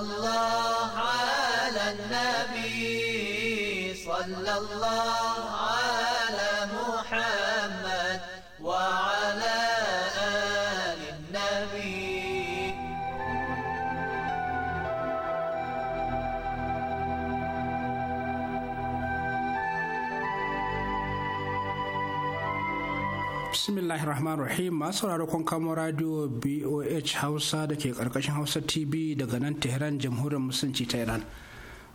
الله على النبي صلى الله bismillahir rahmanir rahim masu sauraro kun kamo radio boh hausa da ke karkashin hausa tv daga nan tehran jamhuriyar musulunci ta iran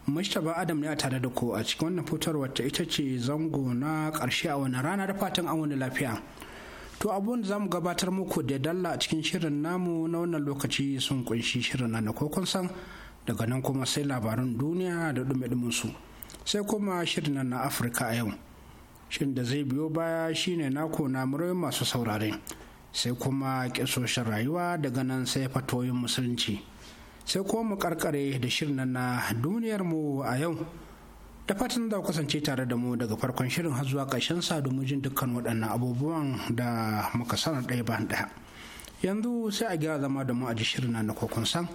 mustapha adam ne a tare da ku a cikin wannan fitarwar ta ita ce zango na karshe a wani rana da fatan an wani lafiya to abun da zamu gabatar muku da dalla a cikin shirin namu na wannan lokaci sun kunshi shirin na ko kun san daga nan kuma sai labaran duniya da dume su sai kuma shirin na afirka a yau shin da zai biyo baya shine nako na muryoyin masu saurare sai kuma kisoshin rayuwa daga nan sai fatoyin musulunci sai kuma mu karkare da shirin na duniyar mu a yau da fatan za ku kasance tare da mu daga farkon shirin har zuwa ƙarshen sa domin jin dukkan waɗannan abubuwan da muka sanar ɗaya bayan ɗaya yanzu sai a gyara zama da mu a ji shirin na kokon san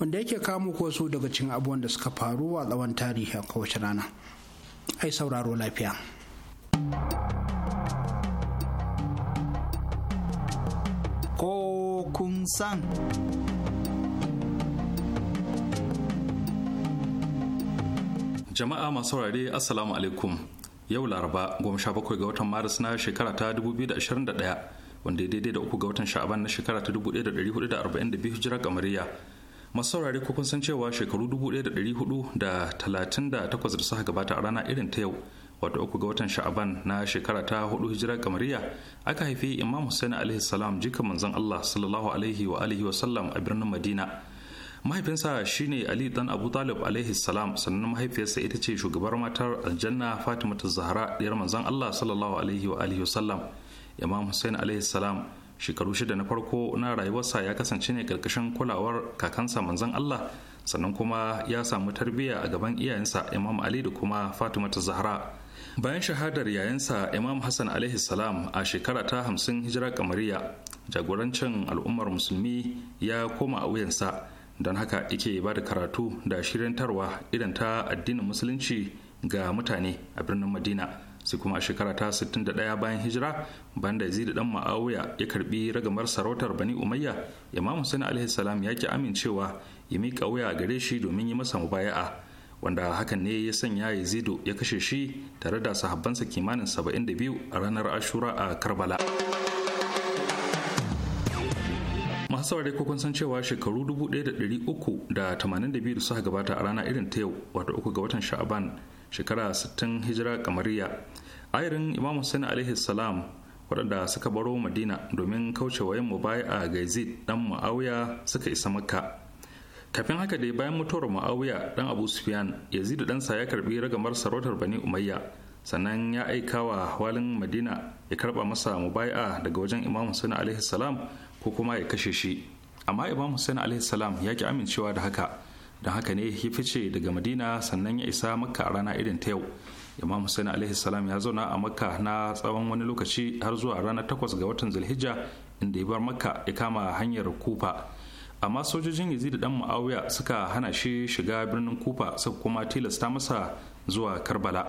wanda yake kamo ko su daga cikin abubuwan da suka faru a tsawon tarihi a kowace rana ai sauraro lafiya Ko kun san. Jama'a masu saurare Assalamu alaikum. Yau Laraba goma sha bakwai ga watan Maris na shekara ta dubu biyu da da ashirin ɗaya, wanda ya daidai da uku ga watan Sha'aban na shekara ta dubu ɗaya da da da hudu arba'in biyu hijira kamariya. masu saurare ko kun san cewa shekaru dubu ɗaya da da da hudu talatin takwas da suka gabata a rana irin ta yau wato uku ga watan sha'aban na shekara ta hudu hijirar kamariya aka haifi imam hussein alaihi salam jika manzon allah sallallahu alaihi wa alihi wasallam a birnin madina mahaifinsa shine ali dan abu talib alaihi salam sannan mahaifiyarsa ita ce shugabar matar aljanna fatima ta zahra diyar manzon allah sallallahu alaihi wa alihi wasallam imam hussein alaihi salam shekaru shida na farko na rayuwarsa ya kasance ne karkashin kulawar kakansa manzon allah sannan kuma ya samu tarbiyya a gaban iyayensa imam ali da kuma fatima ta zahra bayan shahadar yayansa imam hassan alaihi salam a shekara ta hamsin hijira kamariya jagorancin al'ummar musulmi ya koma a wuyansa don haka yake ba da karatu da shirintarwa irin ta addinin musulunci ga mutane a birnin madina sai kuma a shekara ta 61 bayan hijira banda yazid dan ma'awiya ya karbi ragamar sarautar bani umayya imam husain alaihi salam ya ki amincewa ya mika wuya gare shi domin yi masa mubaya'a wanda hakan ne ya sanya ya zido ya kashe shi tare da sahabbansa kimanin 72 a ranar ashura a karbala masu ko kun san cewa shekaru 1382 da suka gabata a rana irin ta yau wata uku ga watan sha'aban shekara 60 hijira kamariya ayirin imam hussein alaihi salam waɗanda suka baro madina domin kaucewa yin mubaya a gaizid dan ma'auya suka isa makka kafin haka dai bayan mutuwar ma'auya dan abu sufyan da ɗansa ya karbi ragamar sarautar bani umayya sannan ya aika wa walin madina ya karba masa mubai'a daga wajen imam hussein alaihi salam ko kuma ya kashe shi amma imam hussein alaihi salam ya ki amincewa da haka don haka ne ya fice daga madina sannan ya isa makka a rana irin ta yau imam hussein alaihi salam ya zauna a makka na tsawon wani lokaci har zuwa ranar takwas ga watan zulhijja inda ya bar makka ya kama hanyar kufa amma sojojin yazid dan muawiya suka hana shi shiga birnin kufa suka kuma tilasta masa zuwa karbala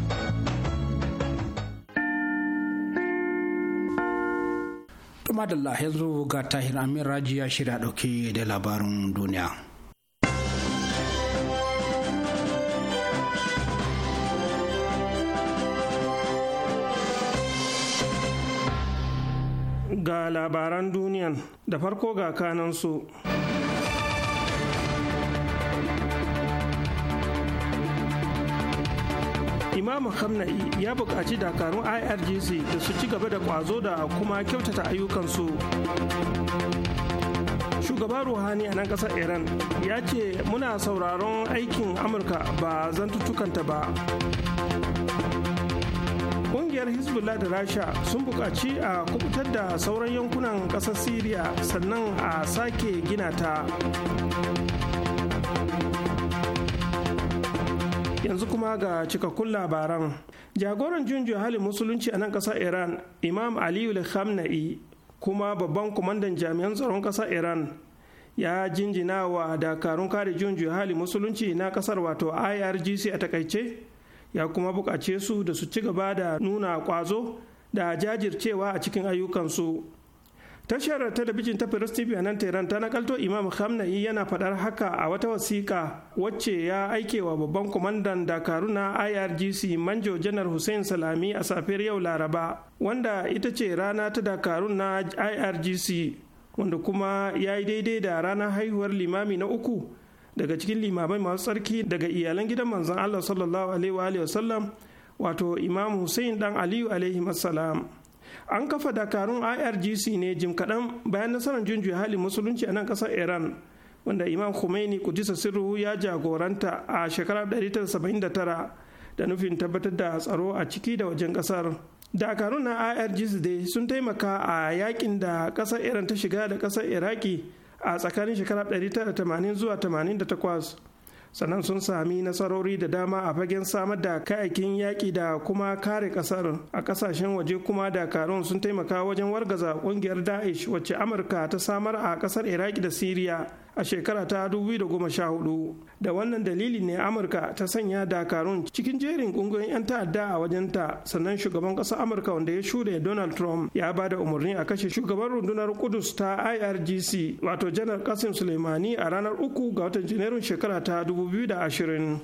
Tuma da yanzu ga Tahir Amin Raji ya shirya ɗauke da labarin duniya. Ga labaran duniyan da farko ga kanansu. imamu hamna'i ya buƙaci dakarun irgc da su ci gaba da ƙwazo da kuma kyautata ayyukansu Shugaban ruhani a nan ƙasar iran ya ce muna sauraron aikin amurka ba zantutukanta ba Ƙungiyar hezbollah da rasha sun buƙaci a kubutar da sauran yankunan ƙasar syria sannan a sake gina ta yanzu kuma ga cikakkun labaran jagoran junjo halin musulunci a nan ƙasar iran imam aliyu khamna'i kuma babban kwamandan jami'an tsaron ƙasar iran ya jinjina wa dakarun kare junjo halin musulunci na ƙasar wato irgc a takaice ya kuma buƙace su da su ci gaba da nuna ƙwazo da jajircewa a cikin ayyukansu tashar talabijin ta Firas TV a nan Tehran ta nakalto Imam Khamenei yana faɗar haka a wata wasiƙa wacce ya aike wa babban kwamandan Dakaru na IRGC Manjo Janar Hussein Salami a safiyar yau Laraba wanda ita ce rana ta dakaru na IRGC wanda kuma ya yi daidai da ranar haihuwar limami na uku daga cikin limamai masu tsarki daga iyalan gidan manzon Allah sallallahu alaihi wa wato Imam Hussein dan Aliyu alaihi salam. an kafa dakarun irgc ne jim kaɗan bayan nasarar junjuya hali musulunci a nan ƙasar iran wanda imam khomeini kudisa sirruhu ya jagoranta a shekarar 1979 da nufin tabbatar da tsaro a ciki da wajen ƙasar dakarun na irgc dai sun taimaka a yakin da ƙasar iran ta shiga da ƙasar iraki a tsakanin shekarar 1980 zuwa 88 sannan sun sami nasarori da dama a fagen samar da kayakin yaƙi da kuma kare ƙasar a ƙasashen waje kuma dakarun sun taimaka wajen wargaza ƙungiyar daesh wacce amurka ta samar a ƙasar iraki da siriya a shekara ta 2014 da wannan dalili ne amurka ta sanya dakarun cikin jerin kungiyoyin 'yan ta'adda a wajenta sannan shugaban ƙasar amurka wanda ya shude donald trump ya ba da umarni a kashe shugaban rundunar kudus ta irgc wato janar kasim suleimani a ranar 3 ga watan janairun shekara ta 2020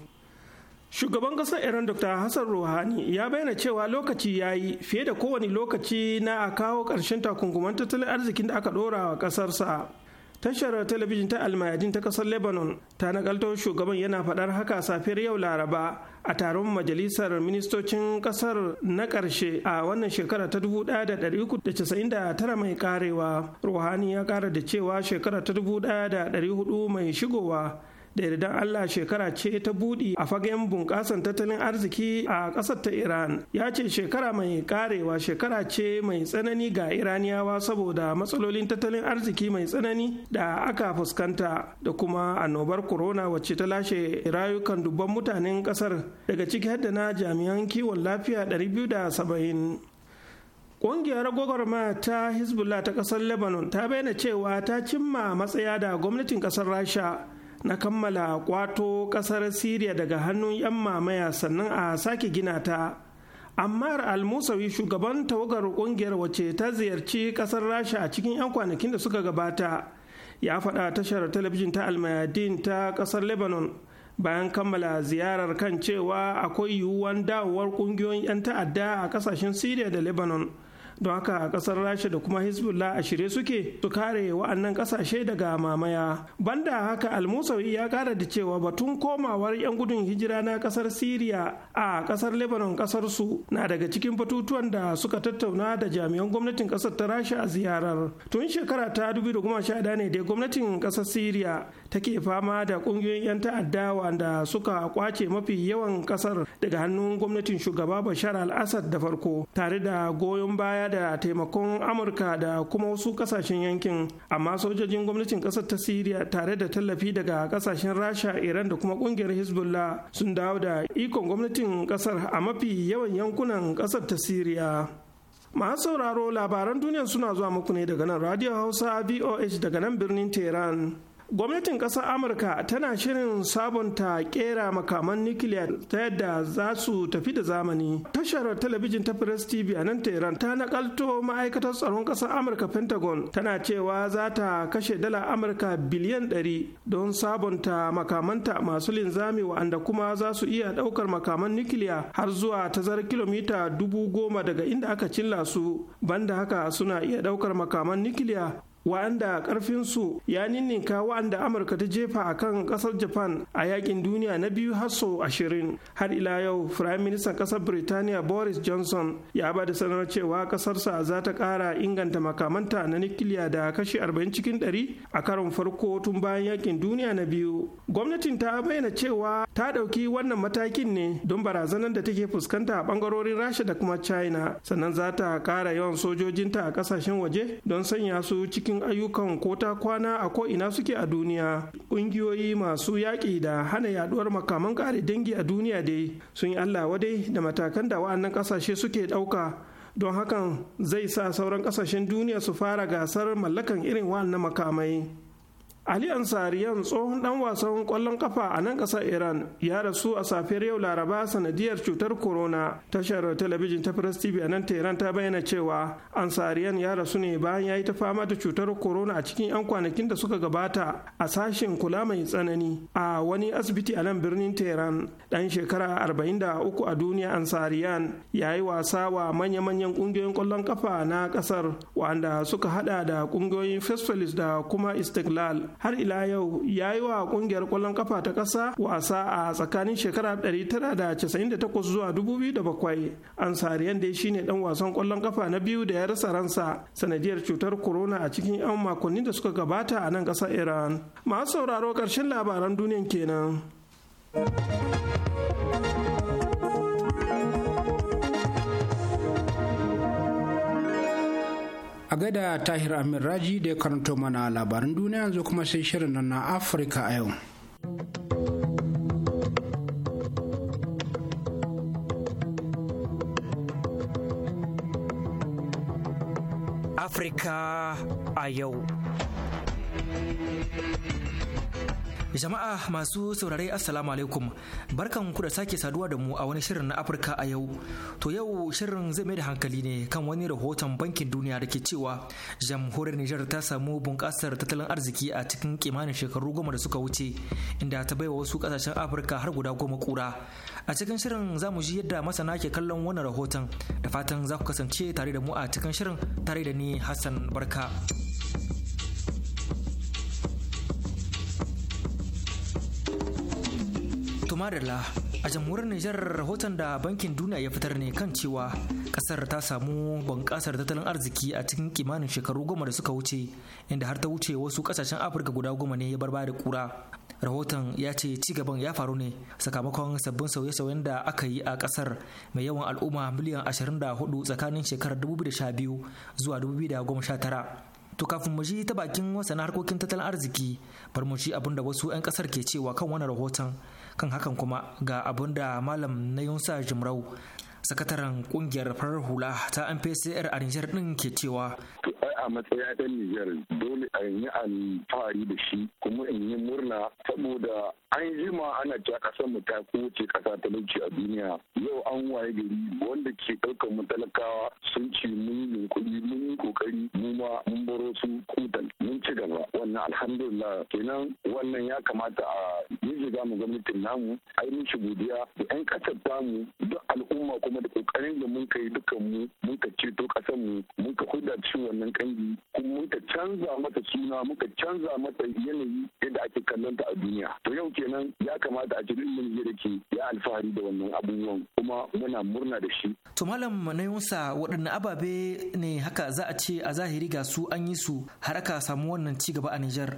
Shugaban ƙasar Iran Dr. Hassan Rouhani ya bayyana cewa lokaci ya yi fiye da kowane lokaci na a kawo ƙarshen takunguman tattalin arzikin da aka ɗora wa ƙasarsa. tashar talabijin ta almayadin ta kasar lebanon ta nakalto shugaban yana faɗar haka safiyar yau laraba a taron majalisar ministocin kasar na ƙarshe a wannan shekara ta 1999 mai karewa ruhani ya ƙara da cewa shekara ta 1400 mai shigowa da yardan Allah shekara ce ta buɗe a fagen bunƙasar tattalin arziki a ƙasar ta Iran. Ya ce shekara mai karewa shekara ce mai tsanani ga Iraniyawa saboda matsalolin tattalin arziki mai tsanani da aka fuskanta da kuma annobar corona wacce ta lashe rayukan dubban mutanen ƙasar daga ciki hadda na jami'an kiwon lafiya 270. Ƙungiyar gwagwarmaya ta Hezbollah ta ƙasar Lebanon ta bayyana cewa ta cimma matsaya da gwamnatin ƙasar Rasha na kammala kwato kasar Siriya daga hannun 'yan mamaya sannan a sake gina ta. Ammar Al-Musawi shugaban tawagar kungiyar wace ta ziyarci kasar Rasha a cikin 'yan kwanakin da suka gabata ya faɗa tashar talabijin ta Almayadin ta kasar Lebanon bayan kammala ziyarar kan cewa akwai yiwuwan dawowar kungiyoyin 'yan ta'adda a kasashen Siriya da Lebanon. don haka a kasar rasha da kuma hezbollah a shirye suke su kare wa'annan kasashe daga mamaya banda haka almusawi ya kara da cewa batun komawar yan gudun hijira na kasar syria a kasar lebanon kasar su na daga cikin batutuwan da suka tattauna da jami'an gwamnatin kasar ta rasha a ziyarar tun shekara ta 2011 ne dai gwamnatin kasar syria take fama da kungiyoyin 'yan ta'adda wanda suka kwace mafi yawan kasar daga hannun gwamnatin shugaba bashar al-assad da farko tare da goyon baya da taimakon amurka da kuma wasu kasashen yankin amma sojojin gwamnatin kasar ta siriya tare da tallafi daga kasashen rasha iran da kuma kungiyar hezbollah sun dawo da ikon gwamnatin kasar a mafi yawan yankunan kasar ta siriya masu sauraro labaran duniya suna zuwa muku ne daga nan radio hausa voh daga nan birnin tehran gwamnatin ƙasar amurka tana shirin sabonta kera makaman nukiliya ta yadda za su tafi da zamani tashar talabijin ta press tv a nan tehran ta nakalto ma'aikatar tsaron ƙasar amurka pentagon tana cewa za ta kashe dala amurka biliyan ɗari don sabonta makamanta masu linzami wa'anda kuma za su iya ɗaukar makaman nukiliya har zuwa tazar kilomita dubu goma daga inda aka cilla su banda haka suna iya ɗaukar makaman nukiliya wa'anda karfinsu ya ninninka wa'anda amurka ta jefa a kan ƙasar japan a yakin duniya na biyu har sau ashirin har ila yau firayim ministan kasar birtaniya boris johnson ya ba da sanar cewa ƙasarsa za ta kara inganta makamanta na nikiliya da kashi arba'in cikin 100 a karon farko tun bayan yakin duniya na biyu gwamnatin ta bayyana cewa ta ɗauki wannan matakin ne don barazanar da take fuskanta a bangarorin rasha da kuma china sannan za ta kara yawan sojojinta a ƙasashen waje don sanya su cikin cikin ayyukan ko ta kwana a ko ina suke a duniya ƙungiyoyi masu yaƙi da hana yaduwar makaman ƙare dangi a duniya dai sun yi allah wadai da matakan da wa'annan ƙasashe suke ɗauka don hakan zai sa sauran ƙasashen duniya su fara gasar mallakan irin wa'annan makamai. Ali Ansariyan tsohon dan wasan kwallon kafa a nan kasar Iran ya rasu a safiyar yau Laraba sanadiyar cutar corona. Tashar talabijin ta Press TV a nan Tehran ta bayyana cewa Ansariyan ya rasu ne bayan ya yi ta fama da cutar corona a cikin 'yan kwanakin da suka gabata a sashen kula mai tsanani a wani asibiti a nan birnin Tehran. Dan shekara 43 a duniya Ansariyan ya yi wasa wa manya-manyan kungiyoyin kwallon kafa na kasar wanda suka hada da kungiyoyin Fesfalis da kuma Istiklal. har ila yau ya yi wa kungiyar kwallon kafa ta ƙasa wasa a tsakanin shekara 1998 zuwa 2007 ansariyan dai ne dan wasan kwallon kafa na biyu da ya rasa ransa sanadiyar cutar corona a cikin 'yan makonni da suka gabata a nan ƙasar iran masu sauraro ƙarshen labaran duniyan kenan. a gaida tahir amin raji da ya karanto mana labaran duniya yanzu kuma sai shirin nan na afirka a yau afirka a yau Jama'a masu saurare Assalamu alaikum barkan ku da sake saduwa da mu a wani shirin na Afirka a yau. To yau shirin zai mai da hankali ne kan wani rahoton bankin duniya da ke cewa jamhuriyar Nijar ta samu bunƙasar tattalin arziki a cikin kimanin shekaru goma da suka wuce inda ta baiwa wasu kasashen Afirka har guda goma kura. A cikin shirin za mu ji yadda masana ke kallon wannan rahoton da fatan za ku kasance tare da mu a cikin shirin tare da ni Hassan Barka. Tumarilla a jamhuriyar Nijar rahoton da bankin duniya ya fitar ne kan cewa kasar ta samu bunƙasar tattalin arziki a cikin kimanin shekaru goma da suka wuce inda har ta wuce wasu kasashen Afirka guda goma ne ya barbada kura. Rahoton ya ce cigaban ya faru ne sakamakon sabbin sauye-sauyen da aka yi a kasar mai yawan al'umma miliyan 24 tsakanin shekarar 2012 zuwa 2019. To kafin mu ji ta bakin wasu harkokin tattalin arziki bar mu ji abin da wasu 'yan kasar ke cewa kan wani rahoton kan hakan kuma ga abun da malam na yunsa jimrau sakataren kungiyar farar hula ta mpcr a nijar din ke cewa a matsaya ɗan nijar dole a yi alfahari da shi kuma in yi murna saboda an ma ana ja kasar mu ta kowace kasa talauci a duniya yau an waye gari wanda ke ɗaukar mu talakawa sun ce mun yi kuɗi mun yi kokari mu ma mun baro su kutan mun ci gaba wannan alhamdulillah kenan wannan ya kamata a yi mu gwamnatin namu a yi mishi godiya da 'yan kasar tamu duk al'umma kuma da kokarin da mun kai dukan mu mun ka ceto kasan mu mun ka cikin wannan kangi kuma mun ka canza mata suna mun ka canza mata yanayi yadda ake kallon ta a duniya to yau kenan ya kamata a cikin mun da ke ya alfahari da wannan abubuwan kuma muna murna da shi to malam manayunsa waɗanne ababe ne haka za a ce a zahiri ga su an yi su har aka samu wannan ci gaba a Nijar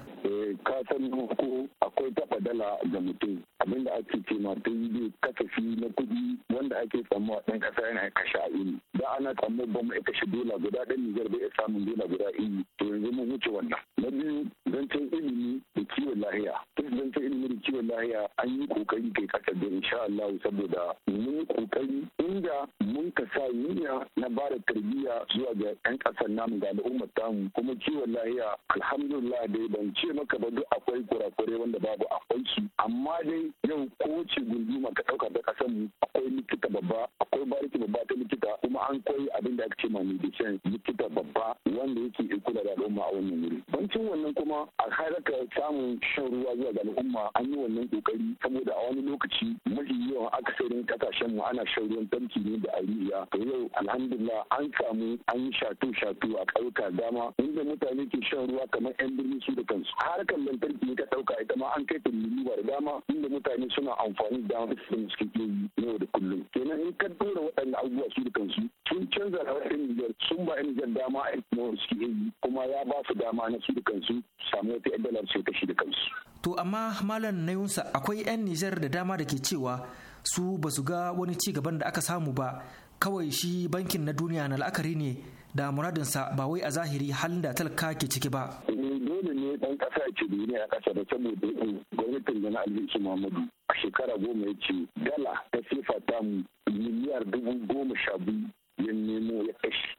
kasan ko akwai taɓa dala ga mutum abinda ake ce ma ta yi pvd kasafi na kuɗi wanda ake a ɗan ƙasa yana kashe a iri da ana tsammo ba mu kashe dola guda ɗan nijar bai iya samun dola guda iri to yanzu mun wuce wannan na biyu zancen ilimi da kiwon lahiya tun zancen ilimi da kiwon lahiya an yi kokari kai kasa da insha Allah saboda mun yi kokari inda mun ka sa niyya na ba da tarbiyya zuwa ga 'yan ƙasar namu ga al'ummar tamu kuma kiwon lahiya alhamdulillah dai ban ce maka ba duk akwai kurakure wanda babu akwai su amma dai yau kowace gunduma ka ɗauka ta kasan mu akwai likita babba akwai bariki babba ta likita kuma an koyi abin da aka ce ma medicine likita babba wanda yake kula da al'umma a wannan wuri bancin wannan kuma a haraka samun shan ruwa zuwa ga al'umma an yi wannan kokari saboda a wani lokaci mafi yawan akasarin kasashen mu ana shan ruwan tanki ne da ariya to yau alhamdulillah an samu an yi shatu shato a ƙauyuka dama inda mutane ke shan ruwa kamar yan birni su da kansu har harkar lantarki ka ɗauka ita ma an kai ta ba da dama inda mutane suna amfani da wani sistem suke yi yau da kullum kenan in ka dora waɗanda abubuwa su da kansu sun canza da wata Nijar sun ba Nijar dama a wani suke yi kuma ya ba su dama na su da kansu samu wata yan dalar sai kashi da kansu. To amma malam na yunsa akwai 'yan Nijar da dama da ke cewa su ba su ga wani ci gaban da aka samu ba kawai shi bankin na duniya na la'akari ne da muradinsa ba wai a zahiri halin da talaka ke ciki ba. Eh, dole ne dan kasa ya ce a kasa da saboda gwamnatin da na alhaji muhammadu a shekara goma ya ce dala ta sifa ta miliyar dubu goma sha biyu ya nemo ya kashe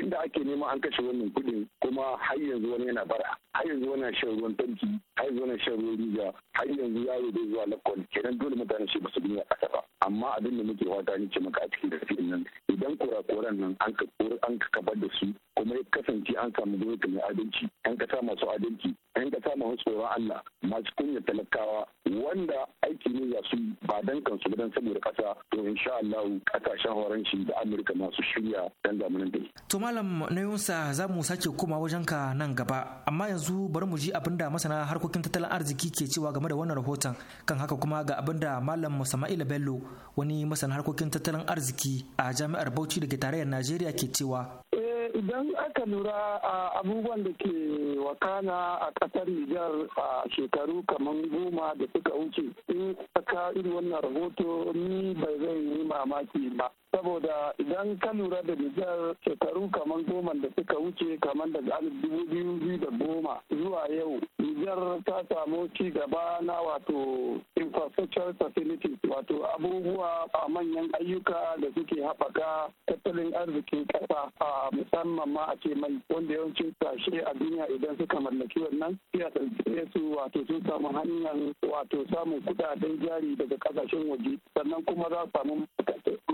inda ake nema an kashe wannan kuɗin kuma har yanzu wani yana bara har yanzu wani shan ruwan tanki har yanzu wani shan ruwan riga har yanzu yaro yi zuwa kwan kenan dole mutane shi basu bin kasa ba amma abin da muke fata ni ce maka a cikin rafin nan idan kurakuran nan an ka an ka kabar da su kuma ya kasance an samu gwamnati mai adalci yan kasa masu adalci yan kasa masu tsoron Allah masu kunya talakawa wanda aiki ne ya su ba dan kansu ba dan saboda kasa to insha Allah kasashen horon shi da Amurka masu shirya dan zamanin da to malam na yunsa za mu sake koma ka nan gaba amma yanzu bari mu ji abin da masana harkokin tattalin arziki ke cewa game da wannan rahoton kan haka kuma ga abin da Malam Musama'ila Bello wani masana harkokin tattalin arziki a Jami'ar Bauchi da ke tarayyar Najeriya ke cewa. Eh, idan aka lura a abubuwan da ke wakana a ƙasar Nijar a shekaru kamar goma da suka wuce in aka irin wannan rahoto ni bai zai yi mamaki ba. saboda idan ka lura da nijar shekaru kamar goma da suka wuce kamar daga alif dubu biyu biyu da goma zuwa yau nijar ta samu ci gaba na wato infrastructure facility wato abubuwa a manyan ayyuka da suke haɓaka tattalin arzikin ƙasa a musamman ma a ce mai wanda yawancin sashe a duniya idan suka mallaki wannan siya su wato sun samu hanyar wato samun kuɗaɗen jari daga kasashen waje sannan kuma za su samu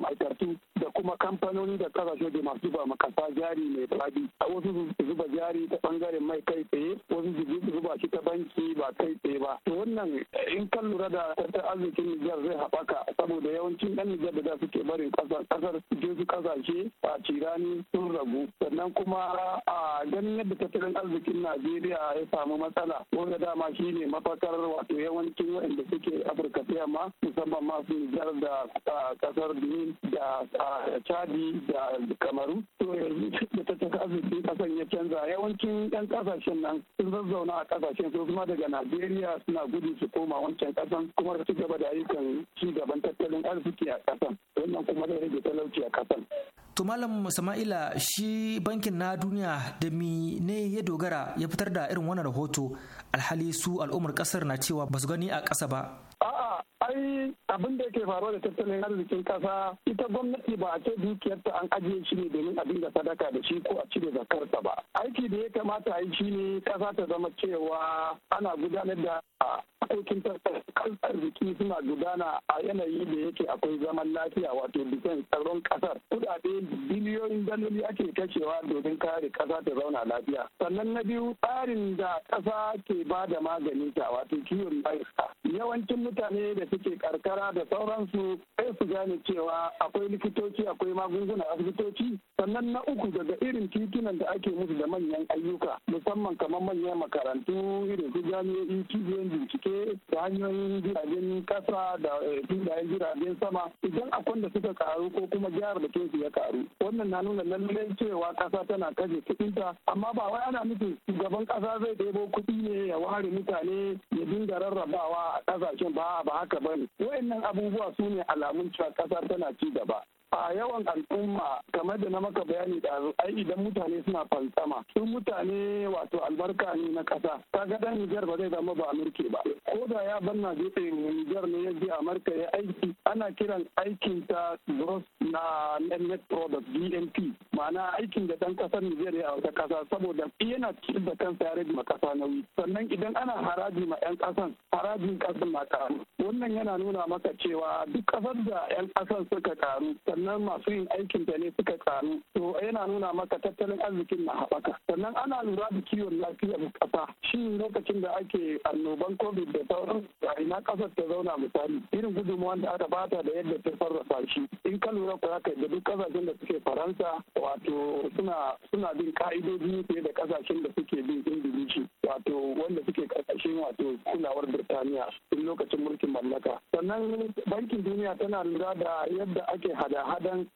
ma'aikatu to da kuma kamfanoni da kasashe da masu zuba makasa jari mai fadi a wasu zuba jari ta bangaren mai kai tsaye wasu zuba shi ta banki ba kai tsaye ba to wannan in kan lura da tattalin arzikin Nijar zai haɓaka saboda yawancin ɗan Nijar da za su ke barin kasar ƙasar su ƙasashe a cirani sun ragu sannan kuma a ganin yadda tattalin arzikin Najeriya ya samu matsala wanda dama shi ne mafakar wato yawancin wa'anda suke Afirka ta yamma musamman masu Nijar da ƙasar Benin da chadi da kamaru to yanzu da tattalin arzikin kasan ya canza yawancin yan kasashen nan sun zazzauna a kasashen su kuma daga najeriya suna gudu su koma wancan kasan kuma su gaba da ayyukan ci gaban tattalin arziki a kasan wannan kuma zai rage talauci a kasan to malam sama'ila shi bankin na duniya da mi ne ya dogara ya fitar da irin wannan rahoto alhali su al'ummar kasar na cewa ba su gani a ƙasa ba a'a ai abin da yake faruwa da tattalin arzikin kasa ita gwamnati ba a ce dukiyarta an ajiye shi ne domin a dinga sadaka da shi ko a cire zakarta ba aiki da ya kamata a yi shi ne kasa ta zama cewa ana gudanar da harkokin tattalin arziki suna gudana a yanayi da yake akwai zaman lafiya wato bikin tsaron kasar kudade biliyoyin daloli ake kashewa domin kare kasa ta zauna lafiya sannan na biyu tsarin da kasa ke ba da magani ta wato kiwon lafiya yawancin mutane da suke karkara da sauransu sai su gane cewa akwai likitoci akwai magunguna asibitoci sannan na uku daga irin titunan da ake musu da manyan ayyuka musamman kamar manyan makarantu irin su jami'o'i cibiyoyin bincike jirage da hanyoyin jiragen kasa da eh, filayen jiragen sama idan akwai da suka karu ko kuma gyara da kesu ya karu wannan na nuna lallai cewa kasa tana kaje kudinta amma ba wai ana nufin shugaban kasa zai debo kuɗi ne ya ware mutane ya dinga rarrabawa a ƙasashen ba ba haka bane ne wayannan abubuwa su ne alamun cewa kasa tana ci gaba a yawan al'umma game da na maka bayani da ai idan mutane suna fantsama su mutane wato albarka ne na ta ga dan Nijar ba zai zama ba Amurke ba ko da ya bar Nijar ne ya je Amurka ya aiki ana kiran aikin ta gross na net product BNP ma'ana aikin da dan kasar Nijar ya wata ƙasa saboda yana cikin da kansa ya rage ƙasa nauyi sannan idan ana haraji ma 'yan ƙasan harajin ƙasan ma karu wannan yana nuna maka cewa duk ƙasar da 'yan kasan suka karu. sannan sannan masu yin aikin ta ne suka karu to yana nuna maka tattalin arzikin na haɓaka sannan ana lura da kiwon lafiyar ƙasa shi lokacin da ake annoban covid da sauran da ina ƙasar ta zauna misali irin gudunmawar da aka bata da yadda ta sarrafa shi in ka lura ku haka da duk ƙasashen da suke faransa wato suna suna bin ka'idoji fiye da ƙasashen da suke bin indonesia wato wanda suke ƙarƙashin wato kulawar birtaniya tun lokacin mulkin mallaka sannan bankin duniya tana lura da yadda ake hada-hadan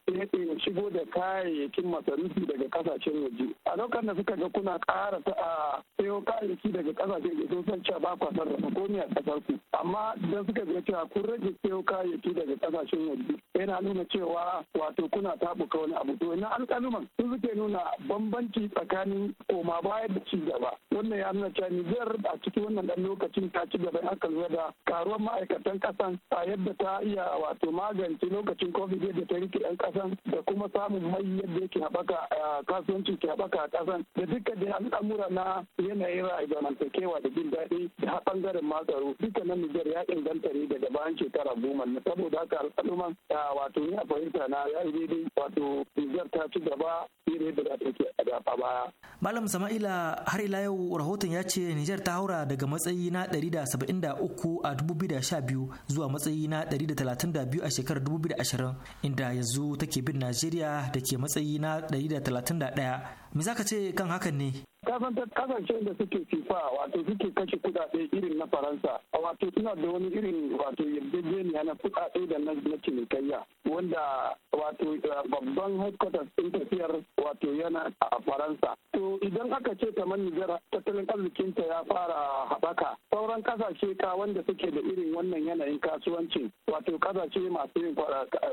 shigo da kayayyakin masarufi daga kasashen waje a lokacin da suka ga kuna kara ta a sayo kayayyaki daga kasashen waje sun san cewa ba kwa sarrafa ko ni a kasar ku amma idan suka ga cewa kun rage sayo kayayyaki daga kasashen waje yana nuna cewa wato kuna tabuka wani abu to ina alƙaluman sun suke nuna bambanci tsakanin koma baya da ci gaba wannan ya nuna cewa Nijar a cikin wannan ɗan lokacin ta ci gaba aka lura da karuwar ma'aikatan ƙasa a yadda ta iya wato magance lokacin covid yadda ta rike yan kasan da kuma samun mai yadda yake haɓaka a kasuwanci ke haɓaka a kasan da dukkan da al'amura na yanayin ra'ayi da jin daɗi da ɓangaren matsaro duka na Nijar ya inganta ne daga bayan shekara goma ne saboda haka a wato ya fahimta na ya yi daidai wato Nijar ta ci gaba fiye da yadda take a baya. Malam Sama'ila har ila yau rahoton ya ce Nijar ta haura daga matsayi na 173 a 2012 zuwa zuwa matsayi na 132 a shekarar 2020 inda yanzu take bin Najeriya da ke matsayi na 131. Me za ka ce kan hakan ne? kasan ta kasashen da suke sifa, wato suke kashe kudade irin na faransa wato suna da wani irin wato yarjejeniya na kudade da na cinikayya wanda wato eh, babban headquarters din tafiyar wato yana a faransa to idan aka ce kamar nijar tattalin arzikinta ya fara haɓaka sauran kasashe ka wanda suke da irin wannan yanayin kasuwanci, wato kasashe masu yin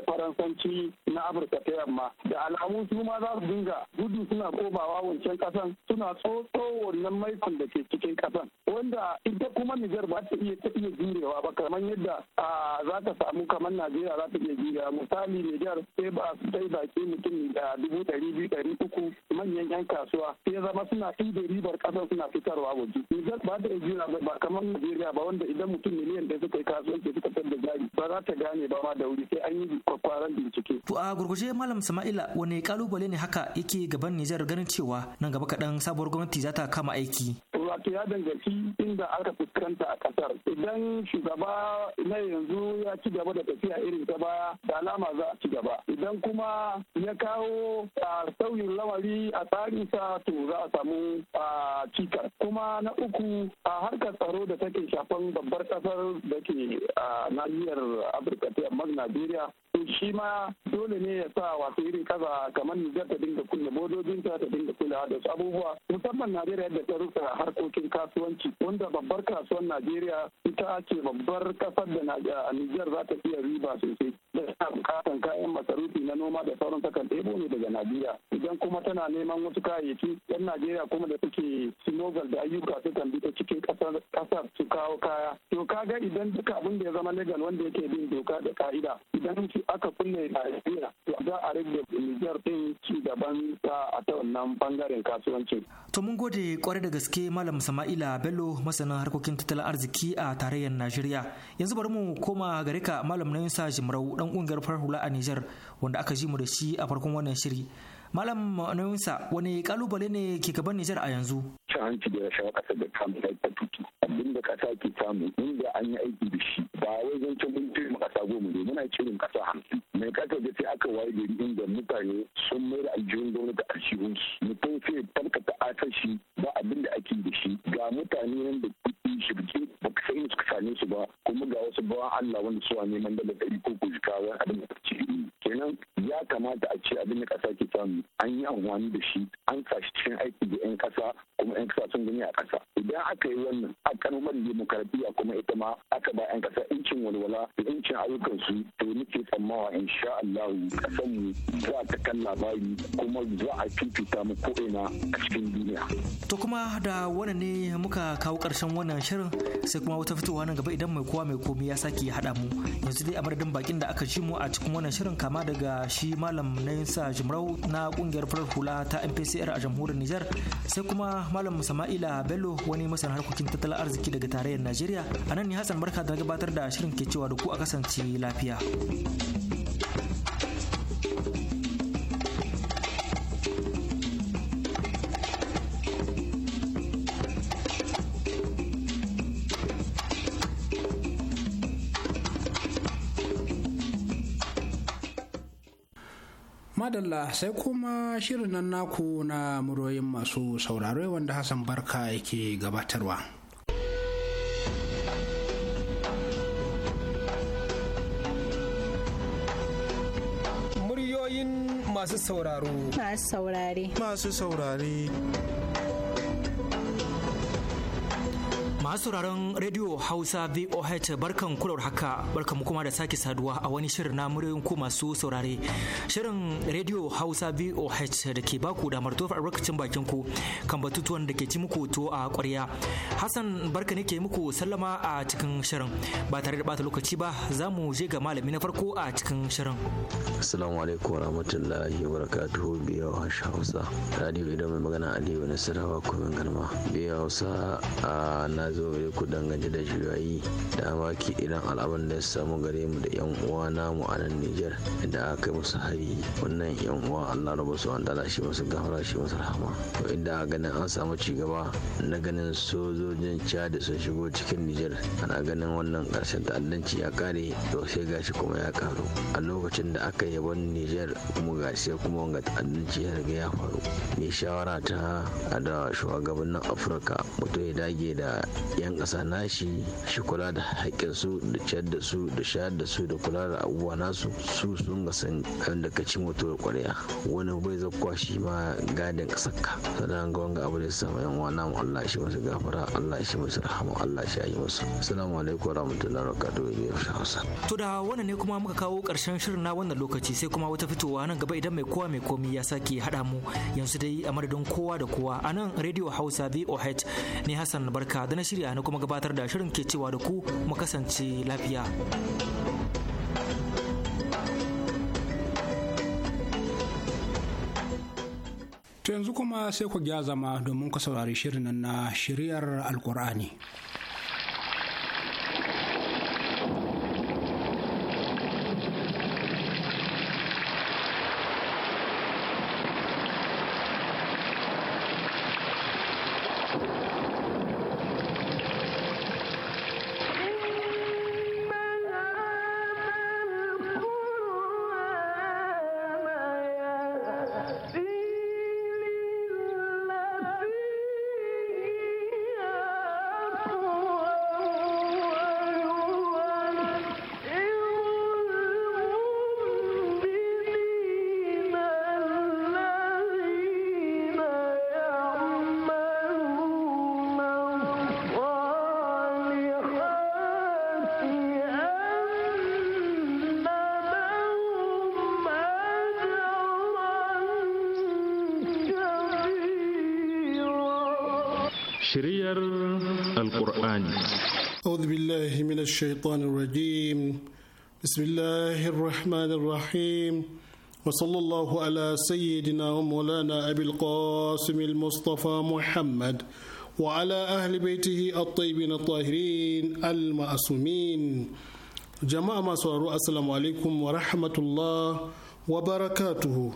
faransanci na afirka ta yamma da al'amu su ma za su dinga gudu suna komawa wancan kasan suna tsotso wannan maikon da ke cikin kasan wanda ita kuma Nijar ba ta iya ta iya jurewa ba kamar yadda za ta samu kamar Najeriya za ta iya jurewa misali Nijar sai ba su kai baki mutum da dubu ɗari biyu ɗari uku manyan 'yan kasuwa sai zama suna da ribar kasar suna fitarwa waje Nijar ba ta iya jurewa ba kamar Najeriya ba wanda idan mutum miliyan ɗaya suka yi kasuwanci suka fitar da jari ba za ta gane ba ma da wuri sai an yi kwakwaran bincike. To a gurguje Malam Sama'ila wani kalubale ne haka yake gaban Nijar ganin cewa nan gaba kaɗan sabuwar gwamnati za ta kama aiki wato ya danganci inda aka fuskanta a kasar idan shugaba na yanzu ya ci gaba da tafiya irin ta baya da alama za a ci gaba idan kuma ya kawo a sauyin lamari a tsarin sa to za a samu a cikar kuma na uku a harkar tsaro da take shafan babbar kasar da ke a nahiyar afirka ta yamma najeriya to shi ma dole ne ya sa wato irin kasa kamar nijar ta dinga kulle bodojinta ta dinga kulawa da abubuwa musamman najeriya yadda ta rufe harkar harkokin kasuwanci wanda babbar kasuwar najeriya ita ce babbar kasar da nijar za ta iya riba sosai da ta bukatan kayan masarufi na noma da sauran takan ɗebo ne daga najeriya idan kuma tana neman wasu kayayyaki yan najeriya kuma da suke sinogal da ayyuka kan bi ta cikin kasar su kawo kaya to ga idan duka abin da ya zama legal wanda yake bin doka da ka'ida idan aka kulle najeriya za a rage nijar din ci gaban ta a ta wannan bangaren kasuwanci. to mun gode kwarai da gaske malam Malam Sama'ila Bello masanin harkokin tattalin arziki a tarayyar Najeriya. Yanzu bari mu koma gare ka Malam sa Jimrau dan kungiyar farar hula a Nijar wanda aka ji mu da shi a farkon wannan shiri. Malam Ma'anoyinsa, wani kalubale ne ke gaban Nijar a yanzu? Cin hanci da rashawa kasa da samu haifar ta Abin da kasa ke samu inda an yi aiki da shi ba wai zancen mun cire mu kasa goma ne muna cirin kasa hamsin. Mai kasa da sai aka waye gari inda mutane sun mai da aljihun gwamnati a shihun su. Mutum sai tarkata shi ba abin da ake da shi ga mutane nan da kuɗi shirke ba ka sai suka same su ba kuma ga wasu bawan Allah wanda suwa neman da ɗari ko ko jikawa abin da ce kenan ya kamata a ce abin da ƙasa ke samu an yi amfani da shi an sa cikin aiki da 'yan ƙasa samu 'yan kasa sun gani a ƙasa idan aka yi wannan a karamar demokaradiyya kuma ita ma aka ba 'yan kasa incin walwala da incin ayyukansu to nake tsammawa insha Allah kasan mu za ta kan labari kuma za a fifita mu ko ina a cikin duniya. To kuma da wannan ne muka kawo ƙarshen wannan shirin sai kuma wata fitowa nan gaba idan mai kowa mai komi ya sake haɗa mu yanzu dai a madadin bakin da aka ji mu a cikin wannan shirin kama daga shi malam na yinsa jimrau na kungiyar farar hula ta mpcr a jamhuriyar nijar sai kuma malam Sama'ila Bello wani masana harkokin tattalin arziki daga tarayyar Najeriya. A nan ne Hassan Barka da gabatar da shirin ke cewa da ku a kasance lafiya. Allah sai kuma shirin nan naku na muryoyin masu sauraro wanda Hassan Barka yake gabatarwa. Muryoyin masu sauraro. Masu saurare. Masu saurare. Masu sauraron Radio Hausa VOH barkan kular haka barkan kuma da sake saduwa a wani shirin na muryoyin ku masu saurare. Shirin Radio Hausa VOH da ke baku da martofa a rikicin bakin ku kan batutuwan da ke ci muku to a ƙwarya. Hassan barka ne ke muku sallama a cikin shirin ba tare da bata lokaci ba za mu je ga malami na farko a cikin shirin. Assalamu alaikum wa rahmatullahi wa barakatuhu biya Hausa. Radio idan mai magana Aliyu Nasarawa Kumin Galma. Biyo Hausa a na zo zo gare ku dangane da shirayi da amaki idan al'abin da ya samu gare mu da yan uwa namu a nan Nijar inda aka kai musu hari wannan yan uwa Allah rabu su an dala shi musu gafara shi musu rahama to inda ganin an samu ci gaba na ganin sojojin Chad sun shigo cikin Nijar ana ganin wannan karshen ta'addanci ya kare to sai gashi kuma ya karu a lokacin da aka yi yaban Nijar kuma gashi kuma wanga ta'addanci ya riga ya faru ne shawara ta a da shugabannin Afirka mutum ya dage da 'yan ƙasa nashi shi kula da haƙƙin su da ciyar da su da shayar da su da kula da abubuwa nasu su sun ga san da ka ci mutuwar ƙwarya wani bai zakwa shi ma gadin ka sannan ga wanga abu da sama yan uwa namu Allah shi masu gafara Allah shi masu rahama Allah shi yi musu assalamu alaikum warahmatullahi wabarakatuh biyar Hausa to da wannan ne kuma muka kawo ƙarshen shirin na wannan lokaci sai kuma wata fitowa nan gaba idan mai kowa mai komi ya sake haɗa mu yanzu dai a madadin kowa da kowa a nan radio Hausa VOH ne Hassan Barka da na shi shirya na kuma gabatar da shirin ke cewa da ku mu kasance lafiya. To yanzu kuma sai ku gya zama domin ku saurari shirin na shiriyar Alkur'ani. القرآن أعوذ بالله من الشيطان الرجيم بسم الله الرحمن الرحيم وصلى الله على سيدنا ومولانا أبي القاسم المصطفى محمد وعلى أهل بيته الطيبين الطاهرين المعصومين jama'a masu sauraro assalamu alaikum wa rahmatullah wa barakatuhu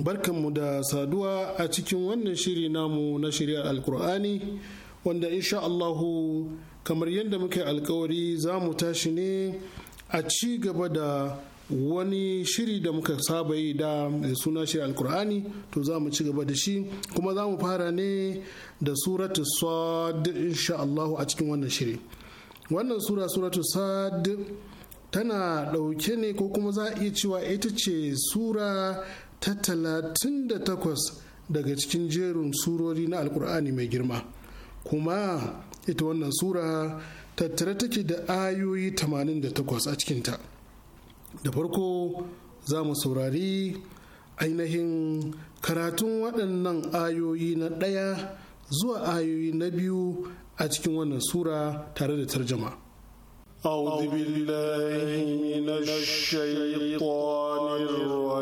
barkanmu da saduwa a cikin wannan shiri namu na shari'ar alkur'ani wanda insha Allahu kamar yadda muke alkawari za mu tashi ne a ci gaba da wani shiri da muka saba yi da suna shi alkur'ani to za mu ci gaba da shi kuma za mu fara ne da suratu sad insha Allahu a cikin wannan shiri wannan sura suratu sad tana ɗauke ne ko kuma za a iya cewa ita ce sura ta talatin da takwas daga cikin jerin surori na alkur'ani mai girma kuma ita wannan sura tattare take da ayoyi 88 a cikinta da farko za mu saurari ainihin karatun waɗannan ayoyi na ɗaya zuwa ayoyi na biyu a cikin wannan sura tare da tarjama. أعوذ بالله من الشيطان الرجيم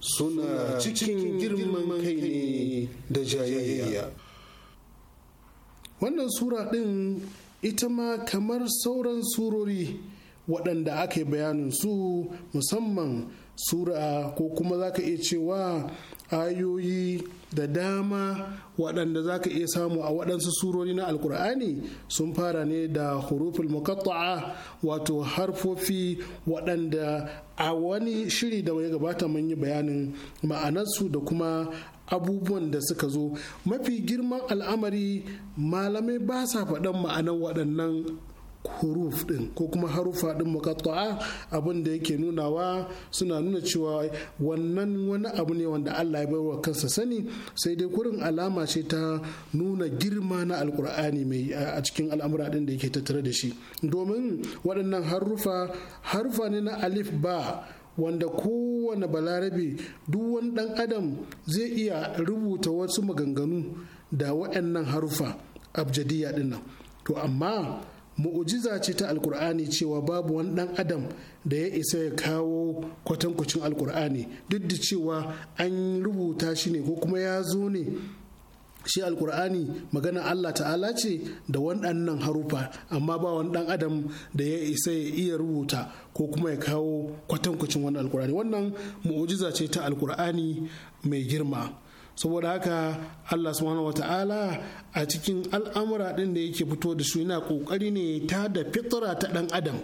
suna cikin girman kai ne da jayayya wannan sura ɗin ita ma kamar sauran surori waɗanda aka yi bayanin su musamman sura ko kuma za ka iya cewa ayoyi da dama waɗanda za ka iya samu a waɗansu surori na alkur'ani sun fara ne da huruful muqatta'a wato harfofi waɗanda a wani shiri da ya gabata mun yi bayanin ma'anarsu da kuma abubuwan da suka zo mafi girman al'amari malamai ba sa faɗan ma'anar waɗannan huruf din ko kuma harufa din muqatta'a abin da yake nunawa suna nuna cewa wannan wani abu ne wanda Allah ya baiwa kansa sani sai dai kurin alama ce ta nuna girma na alkur'ani mai a cikin al'amura din da yake tattare da shi domin waɗannan harufa harufa ne na alif ba wanda kowane balarabe duk wani ɗan adam zai iya rubuta wasu maganganu da waɗannan harufa abjadiya dinnan to amma mu'ujiza ce ta alkur'ani cewa babu wani dan adam da ya isa ya kawo kwatankwacin alkur'ani duk da cewa an rubuta shi ne ko kuma ya zo ne shi alkur'ani magana Allah ta'ala ce da waɗannan harufa amma ba wani ɗan adam da ya isa ya iya rubuta ko kuma ya kawo kwatankwacin wani alkur'ani wannan mu'ujiza ce ta alkur'ani mai girma saboda haka Allah subhanahu wata'ala a cikin al'amura ɗin da yake fito da su yana ƙoƙari ne ta da fitra ta ɗan adam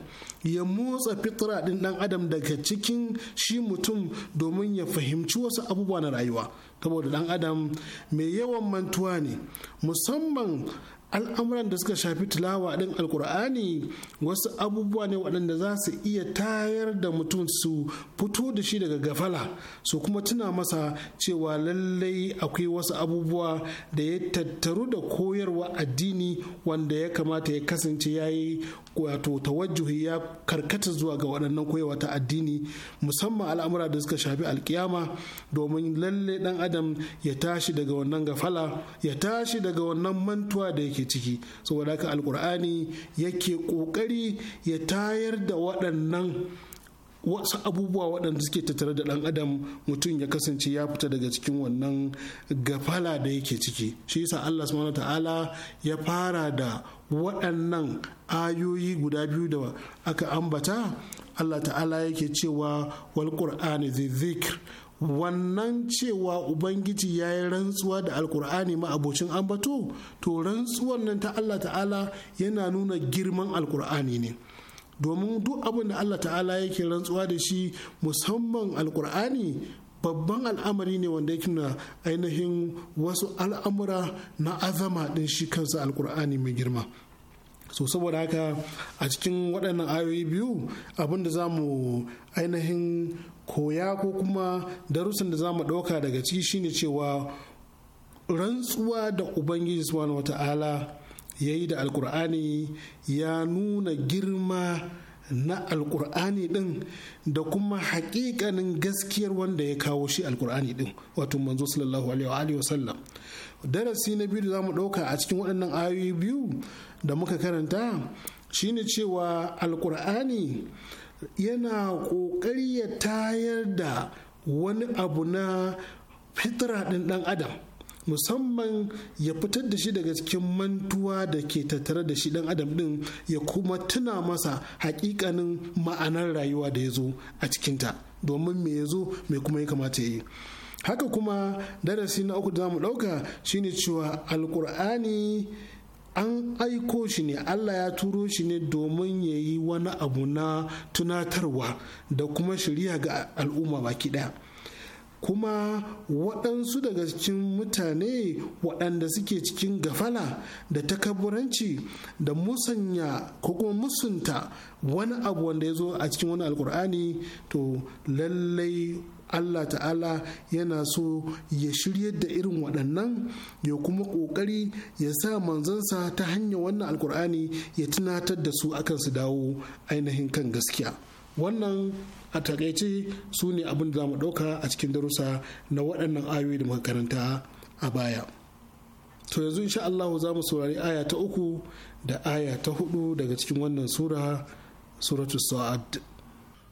ya motsa fitra ɗin ɗan adam daga cikin shi mutum domin ya fahimci wasu abubuwa na rayuwa saboda ɗan adam mai yawan mantuwa ne musamman al'amuran da suka shafi tilawa din alkur'ani wasu abubuwa ne waɗanda za su iya tayar da mutum su fito da shi daga gafala su kuma tuna masa cewa lallai akwai wasu abubuwa da ya tattaru da koyarwa addini wanda ya kamata ya kasance ya yi wato tawajjuhi ya karkata zuwa ga waɗannan koyarwa ta addini musamman al'amura da suka shafi alkiyama domin lallai ɗan adam ya tashi daga wannan gafala ya tashi daga wannan mantuwa da yake ke ciki saboda haka alkur'ani yake kokari ya tayar da waɗannan wasu abubuwa waɗanda suke tattare da ɗan adam mutum ya kasance ya fita daga cikin wannan gafala da yake ciki shi yasa Allah subhanahu ta'ala ya fara da waɗannan ayoyi guda biyu da aka ambata Allah ta'ala yake cewa wal qur'ani zikr wannan cewa ubangiji ya yi rantsuwa da alkur'ani ma abocin ambato to rantsuwan nan ta allah ta'ala yana nuna girman alkur'ani ne domin duk abin da allah ta'ala yake rantsuwa da shi musamman alkur'ani babban al'amari ne wanda yake na ainihin wasu al'amura na azama din shi kansa alkur'ani mai girma so saboda haka a cikin waɗannan ayoyi biyu abinda za mu ainihin koya ko kuma darussan da za mu ɗauka daga ciki shine cewa rantsuwa da ubangiji subhanahu wata'ala ya yi da alkur'ani ya nuna girma na alkur'ani din da kuma hakikanin gaskiyar wanda ya kawo shi alkur'ani din wato manzo sallallahu alaihi wa sallam darasi na biyu da za mu ɗauka a cikin waɗannan ayoyi biyu da muka karanta shine cewa alkur'ani yana ƙoƙari ya tayar da wani abu na fitra ɗin ɗan adam musamman ya fitar da shi daga cikin mantuwa da ke tattare da shi ɗan adam ɗin ya kuma tuna masa hakikanin ma'anar rayuwa da ya zo a cikinta domin me ya zo mai kuma ya kamata ya yi haka kuma darasi na uku da za mu ɗauka shine cewa alkur'ani an aiko shi ne Allah ya turo shi ne domin ya yi wani abu na tunatarwa da kuma shirya ga al'umma baki ɗaya kuma waɗansu daga cikin mutane waɗanda suke cikin gafala da takaburanci da musanya ko kuma musunta wani abu wanda ya zo a cikin wani alkur'ani to lallai Allah ta'ala yana so ya shiryar da irin waɗannan ya kuma ƙoƙari ya sa manzansa ta hanyar wannan alkur'ani ya tunatar da su akan su dawo ainihin kan gaskiya wannan a takaice su ne abin da za mu ɗauka a cikin darussa na waɗannan ayoyi da muka a baya to yanzu insha Allah za mu saurari aya ta uku da aya ta hudu daga cikin wannan sura suratu sa'ad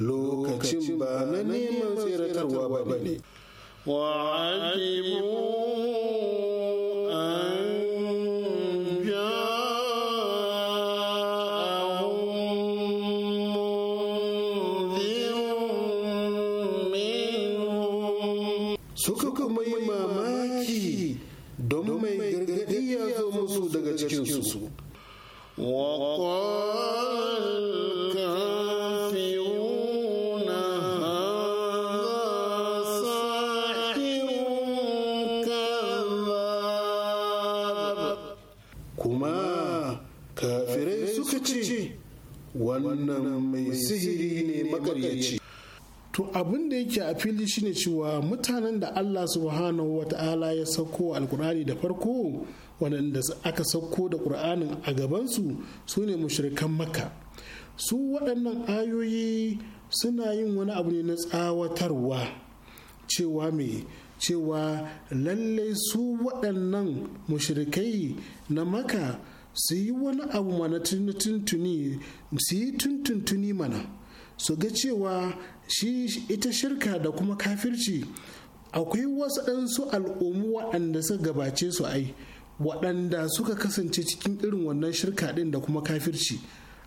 lokacin ba na neman tseratarwa ba ne. وعلموا abin da yake a fili shine cewa mutanen da Allah subhanahu wa ta'ala ya sauko alkurani da farko waɗanda aka sauko da ƙur'anin a gabansu su ne mushrikan maka. su waɗannan ayoyi suna yin wani abu ne na tsawatarwa cewa mai cewa lallai su waɗannan mushrikai na maka su yi wani abu mana tuntuni su yi tuntuntuni mana su ga cewa shi ita shirka da kuma kafirci akwai wasu ɗansu al'ummu waɗanda suka gabace su ai waɗanda suka kasance cikin irin wannan shirka ɗin da kuma kafirci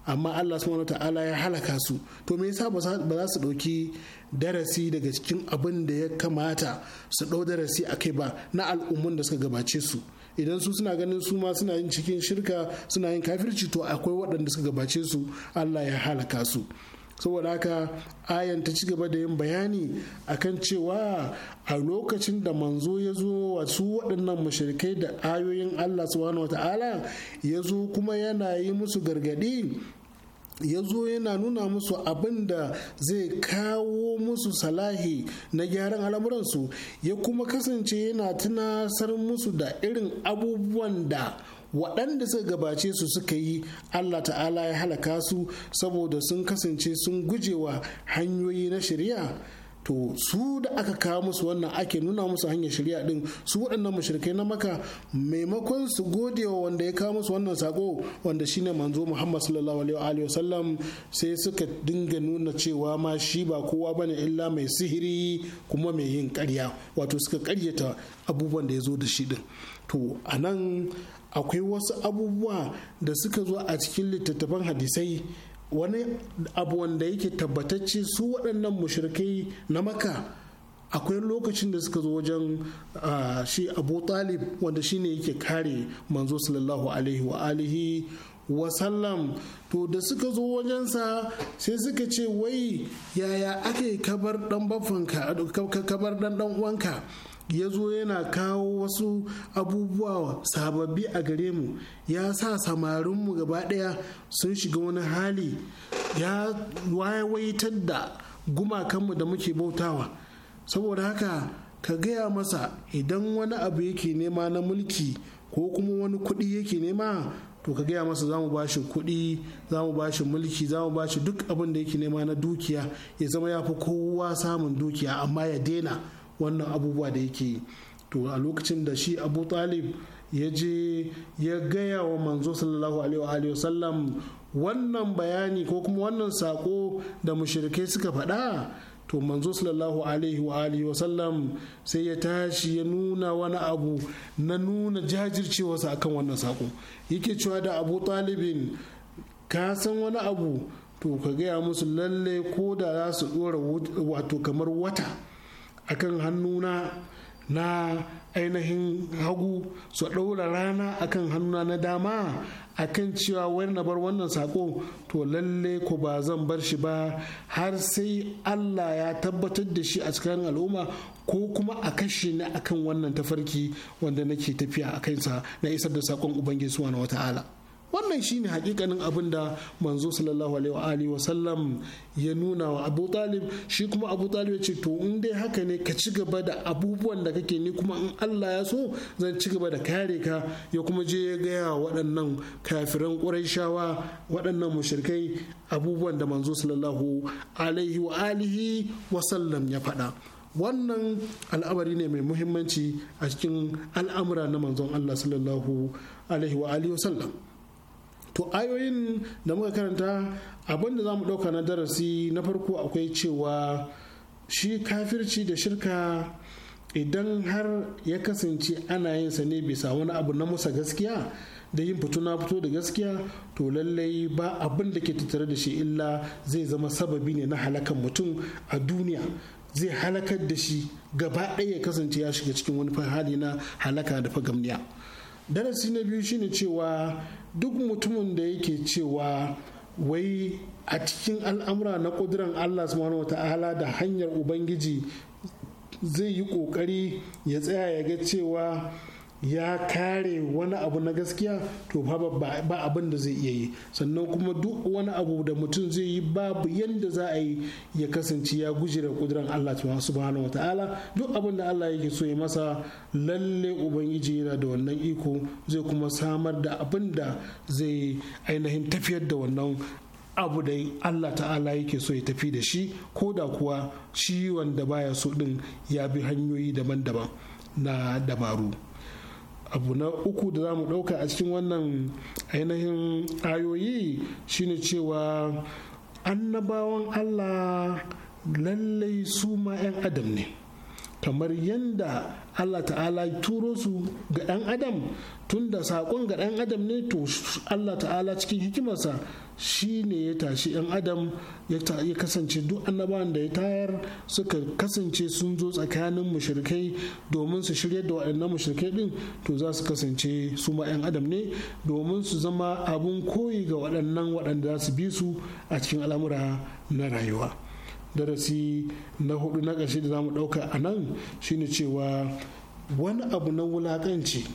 amma Allah subhanahu ta'ala ya halaka su to me yasa ba za su ɗauki darasi daga cikin abin da ya kamata su ɗau darasi a kai ba na al'ummun da suka gabace su idan su suna ganin su ma suna yin cikin shirka suna yin kafirci to akwai waɗanda suka gabace su Allah ya halaka su saboda haka ayan ta ci gaba da yin bayani akan cewa a lokacin da manzo ya zo wa su waɗannan mashirikai da ayoyin Allah subhanahu wata'ala ya zo kuma yana yi musu gargaɗi ya zo yana nuna musu abin da zai kawo musu salahi na gyaran al'amuransu ya kuma kasance yana tunasar musu da irin abubuwan da waɗanda suka gabace su suka yi Allah ta'ala ya halaka su saboda sun kasance sun gujewa hanyoyi na shari'a to su da aka kawo musu wannan ake nuna musu hanyar shari'a din su waɗannan mashirkai na maka maimakon su gode wa wanda ya kawo musu wannan sako wanda shine manzo Muhammad sallallahu alaihi wa sai suka dinga nuna cewa ma shi ba kowa bane illa mai sihiri kuma mai yin karya, wato suka karyata abubuwan da ya zo da shi din to anan akwai wasu abubuwa da suka zo a cikin littattafan hadisai wani abu wanda yake tabbatacce su waɗannan mushrikai na maka akwai lokacin da suka zo wajen shi abu talib wanda shi ne yake kare manzo sallallahu alaihi wa alihi wasallam to da suka zo wajensa sai suka ce wai yaya ake kabar dan bafanka kabar dan dan uwanka ya zo yana kawo wasu abubuwa sababbi a gare mu ya sa samarinmu gaba ɗaya sun shiga wani hali ya wayewaitar da gumakanmu da muke bautawa saboda haka ka gaya masa idan wani abu yake nema na mulki ko kuma wani kuɗi yake nema to ka gaya masa zamu ba shi kuɗi zamu ba shi mulki zamu ba shi duk abin da yake nema na dukiya ya zama ya fi kowa samun dukiya amma ya daina wannan abubuwa da yake yi to a lokacin da shi abu talib ya je ya gaya wa manzo sallallahu alaihi wasallam wannan bayani ko kuma wannan sako da mushirikai suka faɗa to manzo sallallahu alaihi wa wa sallam sai ya tashi ya nuna wani abu na nuna jajircewarsa akan wannan sako yake cewa da abu talibin ka san wani abu to ka gaya musu lalle ko da za su dora wato kamar wata akan hannuna na ainihin hagu su ɗaura rana akan hannuna na dama akan cewa wani na bar wannan sako to lalle ko ba zan bar shi ba har sai Allah ya tabbatar da shi a cikin al'umma ko kuma a kashe ni akan wannan tafarki wanda nake tafiya a kansa na isar da sakon ubangiji na wata'ala wannan shine hakikanin abin da manzo sallallahu alaihi wa sallam ya nuna wa Abu Talib shi kuma Abu Talib ya ce to in dai haka ne ka ci gaba da abubuwan da kake ni kuma in Allah ya so zan ci gaba da kare ka ya kuma je ya gaya waɗannan kafiran ƙurayshawa waɗannan mushrikai abubuwan da manzo sallallahu alaihi wa alihi wa sallam ya faɗa wannan al'amari ne mai muhimmanci a cikin al'amura na manzon Allah sallallahu alaihi wa alihi wa sallam to ayoyin da muka karanta abinda za mu ɗauka na darasi na farko akwai cewa shi kafirci da shirka idan har ya kasance ana yin sa ne bisa wani abu na musa gaskiya da yin fito na fito da gaskiya to lallai ba abin da ke tattare da shi illa zai zama sababi ne na halakan mutum a duniya zai halakar da shi gaba ɗaya kasance ya shiga cikin wani hali na halaka da fagamniya. darasi na biyu shine cewa duk mutumin da yake cewa wai a cikin al'amura na ƙudurin allah subhanahu wata'ala da hanyar ubangiji zai yi ƙoƙari ya tsaya ya ga cewa ya kare wani abu na gaskiya to ba abin da zai iya yi sannan kuma duk wani abu da mutum zai yi babu yadda za a yi ya kasance ya guji da kudurin Allah subhanahu wa ta'ala duk abin da Allah yake so ya masa lalle ubangiji yana da wannan iko zai kuma samar da abin da zai ainihin tafiyar da wannan abu da Allah ta'ala yake so ya tafi da shi ko da kuwa ciwon da baya so din ya bi hanyoyi daban-daban na dabaru. abu na uku da za mu ɗauka a cikin wannan ainihin ayoyi shine cewa annabawan allah lallai su ma 'yan adam ne kamar yadda Allah ta'ala turo su ga ɗan adam tun da saƙon ga ɗan adam ne to Allah ta'ala cikin hikimarsa shi ne ya tashi ɗan adam ya kasance duk annabawan da ya tayar suka kasance sun zo tsakanin mushrikai domin su shirya da waɗannan mushrikai ɗin to za su kasance su ma ɗan adam ne domin su zama abun koyi ga waɗannan waɗanda za su bi su a cikin al'amura na rayuwa. darasi na hudu na ƙarshe da zamu mu ɗauka a nan shine cewa wani abu na wulaƙanci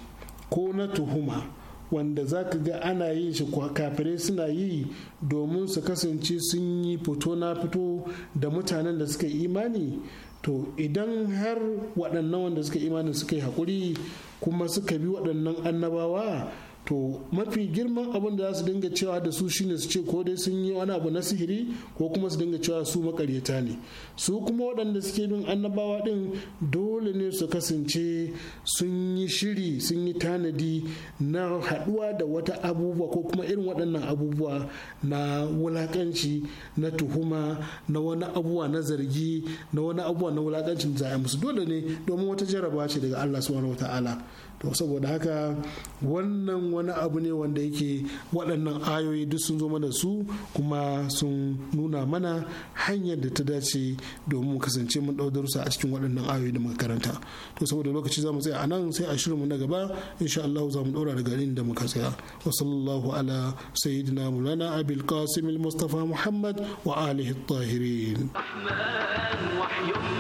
ko na tuhuma wanda za ka ga ana yin shi kafirai suna yi domin su kasance sun yi fito na fito da mutanen da suka imani to idan har waɗannan wanda suka imani suka yi haƙuri kuma suka bi waɗannan annabawa to mafi girman abin da za su dinga cewa da su shine su ce ko dai sun yi wani abu na sihiri ko kuma su dinga cewa su makaryata ne su kuma waɗanda suke bin annabawa ɗin dole ne su kasance sun yi shiri sun yi tanadi na haɗuwa da wata abubuwa ko kuma irin waɗannan abubuwa na wulakanci na tuhuma na wani abubuwa na zargi na wani abubuwa na wulaƙancin za a musu dole ne domin wata jarabawa ce daga Allah subhanahu wa ta'ala to saboda haka wannan wani abu ne wanda yake waɗannan ayoyi duk sun zo mana su kuma sun nuna mana hanyar da ta dace domin kasance mun ɗau darusa a cikin waɗannan ayoyi da muka karanta to saboda lokaci za mu tsaya a nan sai a shirin mu na gaba insha Allah za mu ɗora daga da muka tsaya wa sallallahu ala sayyidina mulana abil qasim al mustafa muhammad wa alihi at-tahirin الرحمن وحي من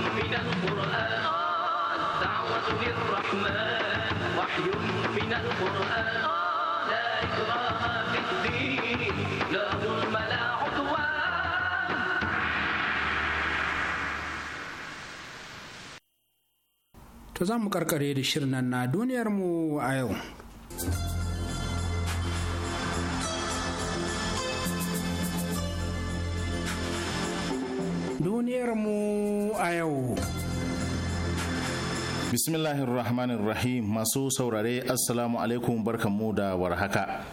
للرحمن to za mu karkare da shirin nan na duniyarmu a yau duniyarmu a yau bismillahir rahmanir rahim masu saurare assalamu alaikum barkanmu da warhaka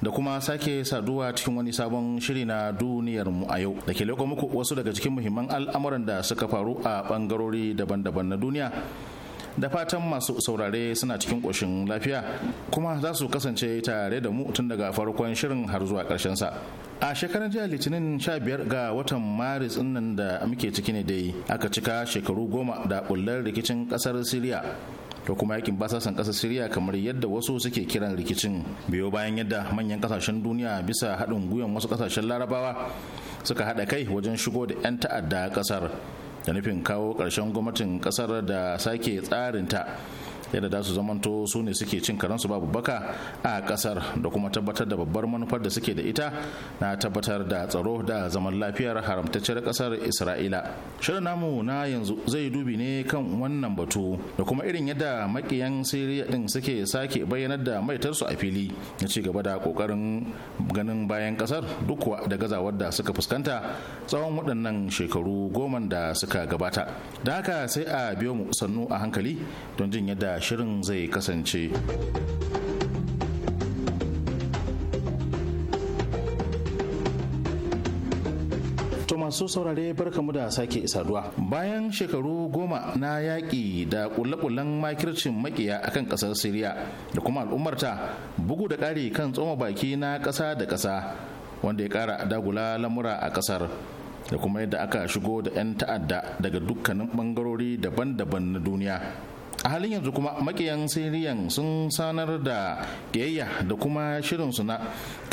da kuma sake saduwa cikin wani sabon shiri na duniyar a yau da ke muku wasu daga cikin muhimman al'amuran da suka faru a bangarori daban-daban na duniya da fatan masu saurare suna cikin ƙoshin lafiya kuma za su kasance tare da mu tun daga farkon shirin har zuwa ƙarshen sa a shekarar jiya litinin 15 ga watan maris nan da muke ciki ne dai aka cika shekaru goma da bullar rikicin ƙasar siriya da kuma yakin basasan kasar Siriya kamar yadda wasu suke kiran rikicin biyo bayan yadda manyan kasashen duniya bisa haɗin gwiwan wasu kasashen larabawa suka haɗa kai wajen shigo da 'yan ta'adda ƙasar. da nufin kawo ƙarshen gwamnatin ƙasar da sake tsarinta yadda da su zamanto su ne suke cin karansu babu baka a kasar da kuma tabbatar da babbar manufar da suke da ita na tabbatar da tsaro da zaman lafiyar haramtacciyar kasar isra'ila shirin namu na yanzu zai dubi ne kan wannan batu da kuma irin yadda makiyan siriya din suke sake bayyanar da maitarsu a fili na ci gaba da kokarin ganin bayan kasar duk kuwa da gazawar da suka fuskanta tsawon waɗannan shekaru goma da suka gabata da haka sai a biyo mu sannu a hankali don jin yadda shirin zai kasance masu saurare barkamu da sake saduwa bayan shekaru goma na yaƙi da ƙulle-ƙullen makircin makiya a kan ƙasar siriya da kuma al'ummarta bugu da ƙari kan tsoma baki na ƙasa da ƙasa wanda ya ƙara dagula lamura a ƙasar da kuma yadda aka shigo da 'yan ta'adda daga dukkanin ɓangarori daban-daban na duniya a halin yanzu kuma makiyan siriyan sun sanar da kiyayya da kuma shirinsu na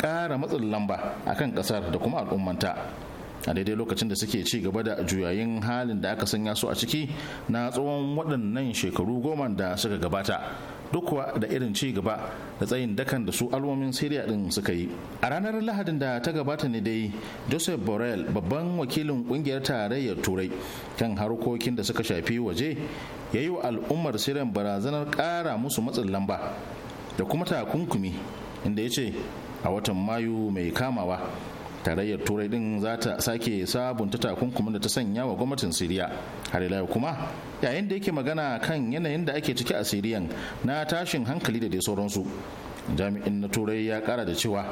ƙara matsin lamba a kan ƙasar da kuma al'ummanta a daidai lokacin da suke ci gaba da juyayin halin da aka sanya su a ciki na tsawon waɗannan shekaru goma da suka gabata duk kuwa da irin ci gaba da tsayin dakan da su alwomin Siriya din suka yi. A ranar Lahadin da ta gabata ne dai Joseph Borrell babban wakilin kungiyar tarayyar Turai kan harkokin da suka shafi waje ya yi wa al'ummar Siriyan barazanar kara musu matsin lamba da kuma takunkumi inda ya ce a watan Mayu mai kamawa tarayyar turai din za ta sake sabunta takunkumin da ta sanya wa gwamnatin siriya har ila kuma yayin da yake magana kan yanayin da ake ciki a siriyan na tashin hankali da dai sauransu jami'in na turai ya kara da cewa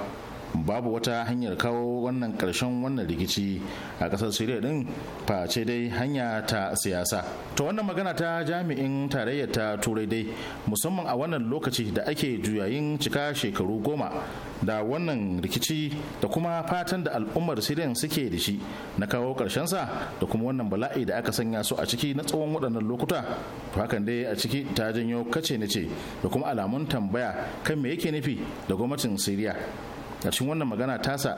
babu wata hanyar kawo wannan karshen wannan rikici a ƙasar siriya din face dai hanya ta siyasa to wannan magana ta jami'in tarayyar ta turai dai musamman a wannan lokaci da ake juyayin cika shekaru goma da wannan rikici da kuma fatan da al'ummar siriyan suke da shi na kawo sa da kuma wannan bala'i da aka sanya su a ciki na tsawon waɗannan lokuta to hakan dai a ciki ta janyo kace na ce da kuma alamun tambaya kan me yake nufi da gwamnatin siriya a cikin wannan magana tasa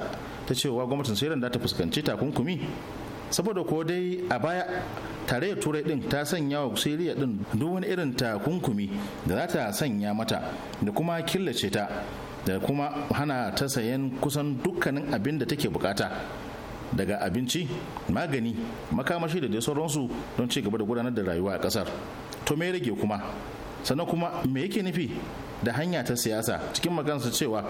ta cewa gwamnatin sweden za ta fuskanci takunkumi saboda ko dai a baya tare da turai din ta sanya wa siriya din duk wani irin takunkumi da za ta sanya mata da kuma killace ta da kuma hana ta sayan kusan dukkanin abin da take bukata daga abinci magani makamashi da dai sauransu don ci gaba da gudanar da rayuwa a kasar to me rage kuma sannan kuma me yake nufi da hanya ta siyasa cikin maganarsa cewa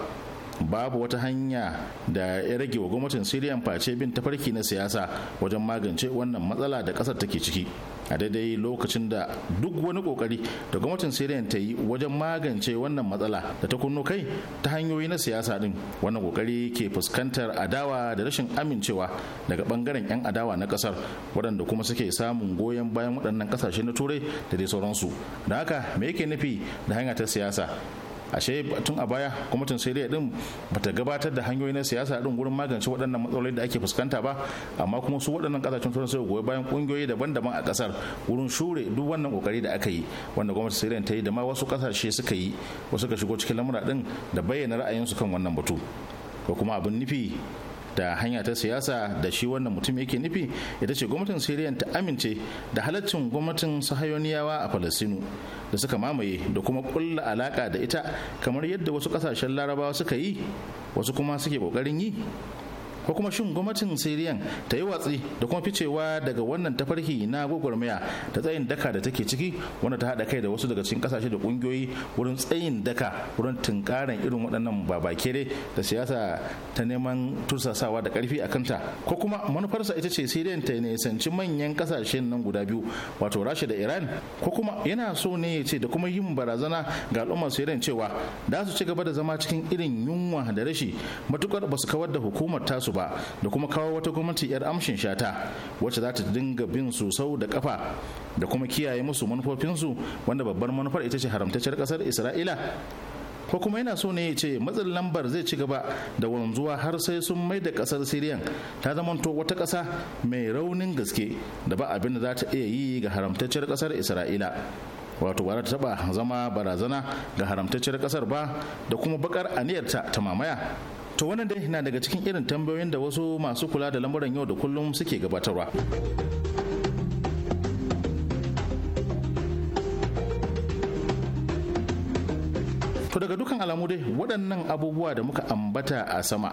babu wata hanya da ya rage wa gwamnatin siriyan face bin tafarki na siyasa wajen magance wannan matsala da kasar take ciki a daidai lokacin da duk wani kokari da gwamnatin siriyan ta yi wajen magance wannan matsala da ta kunno kai ta hanyoyi na siyasa din wannan kokari ke fuskantar adawa da rashin amincewa daga bangaren yan adawa na kasar waɗanda kuma suke samun goyon bayan waɗannan kasashe na turai da dai sauransu da haka me yake nufi da hanya ta siyasa ashe tun a baya gwamnatin Siriya din bata gabatar da hanyoyi na siyasa din gurin magance waɗannan matsaloli da ake fuskanta ba amma kuma su waɗannan kasashen turan sai goyi bayan kungiyoyi daban-daban a kasar wurin shure duk wannan kokari da aka yi wanda gwamnatin Siriya ta yi da ma wasu kasashe suka yi wasu ka shigo cikin lamura din da bayyana ra'ayinsu kan wannan batu ko kuma abin nufi da hanya ta siyasa da shi wannan mutum yake nufi ita ce gwamnatin siriyan ta amince da halaccin gwamnatin sahayoniyawa a falasinu da suka mamaye da kuma kulla alaka da ita kamar yadda wasu kasashen larabawa suka yi wasu kuma suke kokarin yi ko kuma shin gwamnatin siriyan ta yi watsi da kuma ficewa daga wannan tafarki na gwagwarmaya ta tsayin daka da take ciki wanda ta haɗa kai da wasu daga cikin kasashe da kungiyoyi wurin tsayin daka wurin tunkaran irin waɗannan babakere da siyasa ta neman tursasawa da ƙarfi a kanta ko kuma manufarsa ita ce siriyan ta nisanci manyan kasashen nan guda biyu wato rasha da iran ko kuma yana so ne ya ce da kuma yin barazana ga al'ummar siriyan cewa da su ci gaba da zama cikin irin yunwa da rashi matukar ba su kawar da hukumar tasu ba da kuma kawo wata gwamnati 'yar amshin shata wacce za ta dinga bin su sau da kafa da kuma kiyaye musu manufofinsu wanda babbar manufar ita ce haramtacciyar ƙasar isra'ila ko kuma yana so ne ya ce matsin lambar zai ci gaba da wanzuwa har sai sun mai da kasar siriyan ta zamanto wata ƙasa mai raunin gaske da ba abin da za ta iya yi ga haramtacciyar kasar isra'ila wato ba ta taba zama barazana ga haramtacciyar kasar ba da kuma bakar aniyarta ta mamaya to wannan dai na daga cikin irin tambayoyin da wasu masu kula da lamuran yau da kullum suke gabatarwa To daga dukan alamu dai waɗannan abubuwa da muka ambata a sama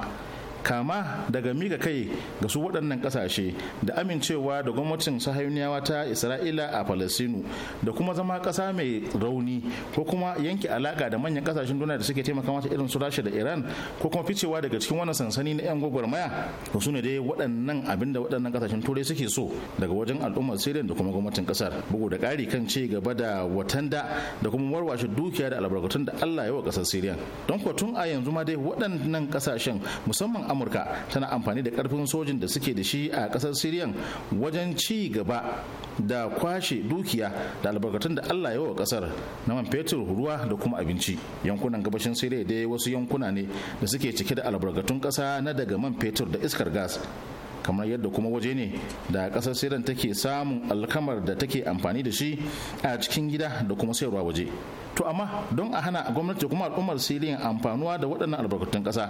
kama daga miga kai ga su waɗannan ƙasashe da amincewa da gwamnatin sahayuniyawa ta isra'ila a falasinu da kuma zama ƙasa mai rauni ko kuma yanke alaƙa da manyan ƙasashen duniya da suke taimaka mata irin su rasha da iran ko kuma ficewa daga cikin wannan sansani na 'yan gwagwarmaya to su ne dai waɗannan abin da waɗannan ƙasashen turai suke so daga wajen al'ummar siriya da kuma gwamnatin ƙasar bugu da ƙari kan ci gaba da watanda da kuma warwashe dukiya da albarkatun da allah ya wa ƙasar siriya don kuwa tun a yanzu ma dai waɗannan ƙasashen musamman amurka tana amfani da karfin sojin da suke da shi a kasar siriyan wajen ci gaba da kwashe dukiya da albarkatun da allah wa kasar na man fetur ruwa da kuma abinci yankunan gabashin siriya dai wasu yankuna ne da suke cike da albarkatun kasa na daga man fetur da iskar gas kamar yadda kuma waje ne da kasar siriyan take samun alkamar da take amfani da shi a cikin gida da kuma sayarwa waje to amma don a hana gwamnati kuma al'ummar siriya amfanuwa da waɗannan albarkatun ƙasa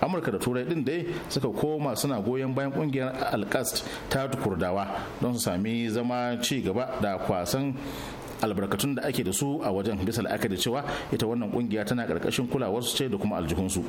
amurka da turai ɗin dai suka koma suna goyon bayan ƙungiyar alkast ta kurdawa don su sami zama ci gaba da kwasan albarkatun da ake da su a wajen bisa la'akari cewa ita wannan ƙungiya tana karkashin kulawarsu ce da kuma aljihunsu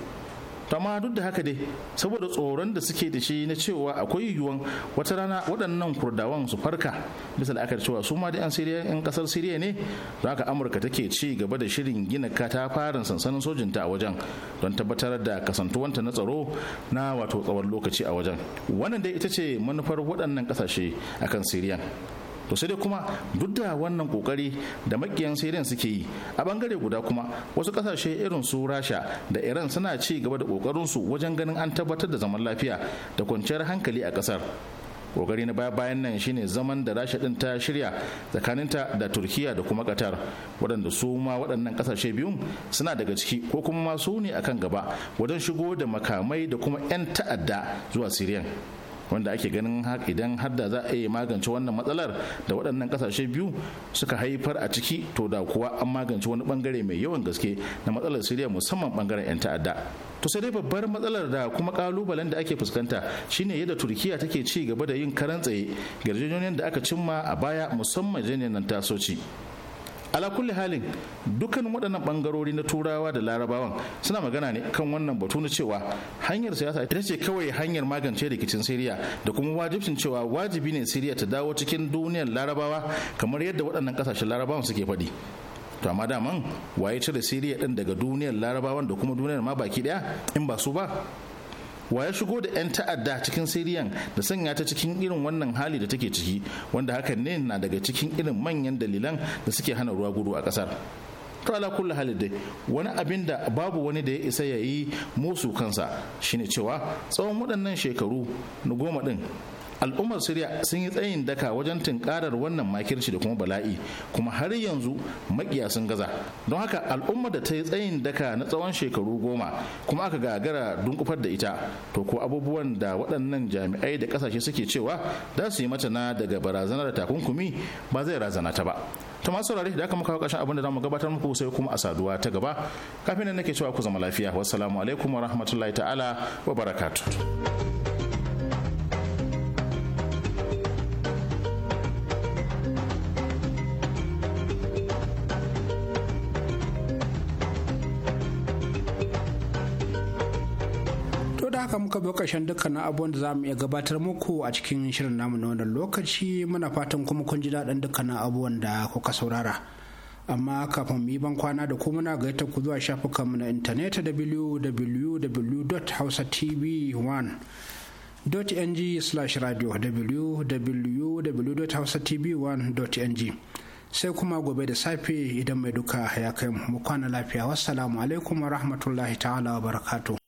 to amma duk da haka dai saboda tsoron da suke da shi na cewa akwai yiwuwan wata rana waɗannan kurdawan su farka bisa da aka cewa su ma da an siriya 'yan kasar siriya ne za ka amurka take ci gaba da shirin gina katafaren sansanin sojinta a wajen don tabbatar da kasantuwanta na tsaro na wato tsawon lokaci a wajen wannan dai ita ce manufar waɗannan ƙasashe akan siriyan to sai dai kuma duk da wannan kokari da makiyan siriyan suke yi a bangare guda kuma wasu kasashe irin su rasha da iran suna ci gaba da kokarin su wajen ganin an tabbatar da zaman lafiya da kwanciyar hankali a kasar kokari na baya bayan nan shine zaman da rasha din ta shirya tsakaninta da turkiya da kuma qatar waɗanda su ma waɗannan ƙasashe biyun suna daga ciki ko kuma su ne akan gaba wajen shigo da makamai da kuma 'yan ta'adda zuwa siriyan wanda ake ganin idan har da za a iya magance wannan matsalar da waɗannan ƙasashe biyu suka haifar a ciki to da kuwa an magance wani bangare mai yawan gaske na matsalar siriya musamman bangaren 'yan ta'adda to sai dai babbar matsalar da kuma kalubalen da ake fuskanta shine yadda turkiya take ci gaba da yin karan tsaye da aka cimma a baya musamman nan tasoci ala kulli halin dukkan waɗannan bangarori na turawa da larabawan suna magana ne kan wannan batu na cewa hanyar siyasa ita ce kawai hanyar magance rikicin siriya da kuma wajibcin cewa wajibi ne siriya ta dawo cikin duniyar larabawa kamar yadda waɗannan ƙasashen larabawan suke faɗi to amma daman waye cire siriya ɗin daga duniyar larabawan da kuma duniyar ma baki ɗaya in ba su ba wa ya shigo da 'yan ta'adda cikin siriyan da sanya ta cikin irin wannan hali da take ciki wanda hakan ne na daga cikin irin manyan dalilan da suke hana ruwa gudu a kasar to ala kulli hali dai wani abin da babu wani da ya isa ya yi musu kansa shine cewa tsawon waɗannan shekaru na goma ɗin al'ummar siriya sun yi tsayin daka wajen tunkarar wannan makirci da kuma bala'i kuma har yanzu makiya sun gaza don haka al'ummar da ta yi tsayin daka na tsawon shekaru goma kuma aka gagara dunkufar da ita to ko abubuwan da waɗannan jami'ai da ƙasashe suke cewa za su yi mata na daga barazanar takunkumi ba zai razana ta ba ta masu saurare da aka muka kawo abin da za mu gabatar muku sai kuma a saduwa ta gaba kafin nan nake cewa ku zama lafiya wassalamu alaikum wa rahmatullahi ta'ala wa barakatu. muka bi ƙarshen dukkanin abubuwan da za mu iya gabatar muku a cikin shirin namu na wannan lokaci muna fatan kuma kun ji daɗin dukkanin abubuwan da kuka saurara. Amma kafin mu yi ban kwana da kuma muna gaita ku zuwa shafukan mu na intanet www.hausatv1.ng/radio www.hausatv1.ng sai kuma gobe da safe idan mai duka ya kai mu kwana lafiya wassalamu alaikum wa rahmatullahi ta'ala wa barakatu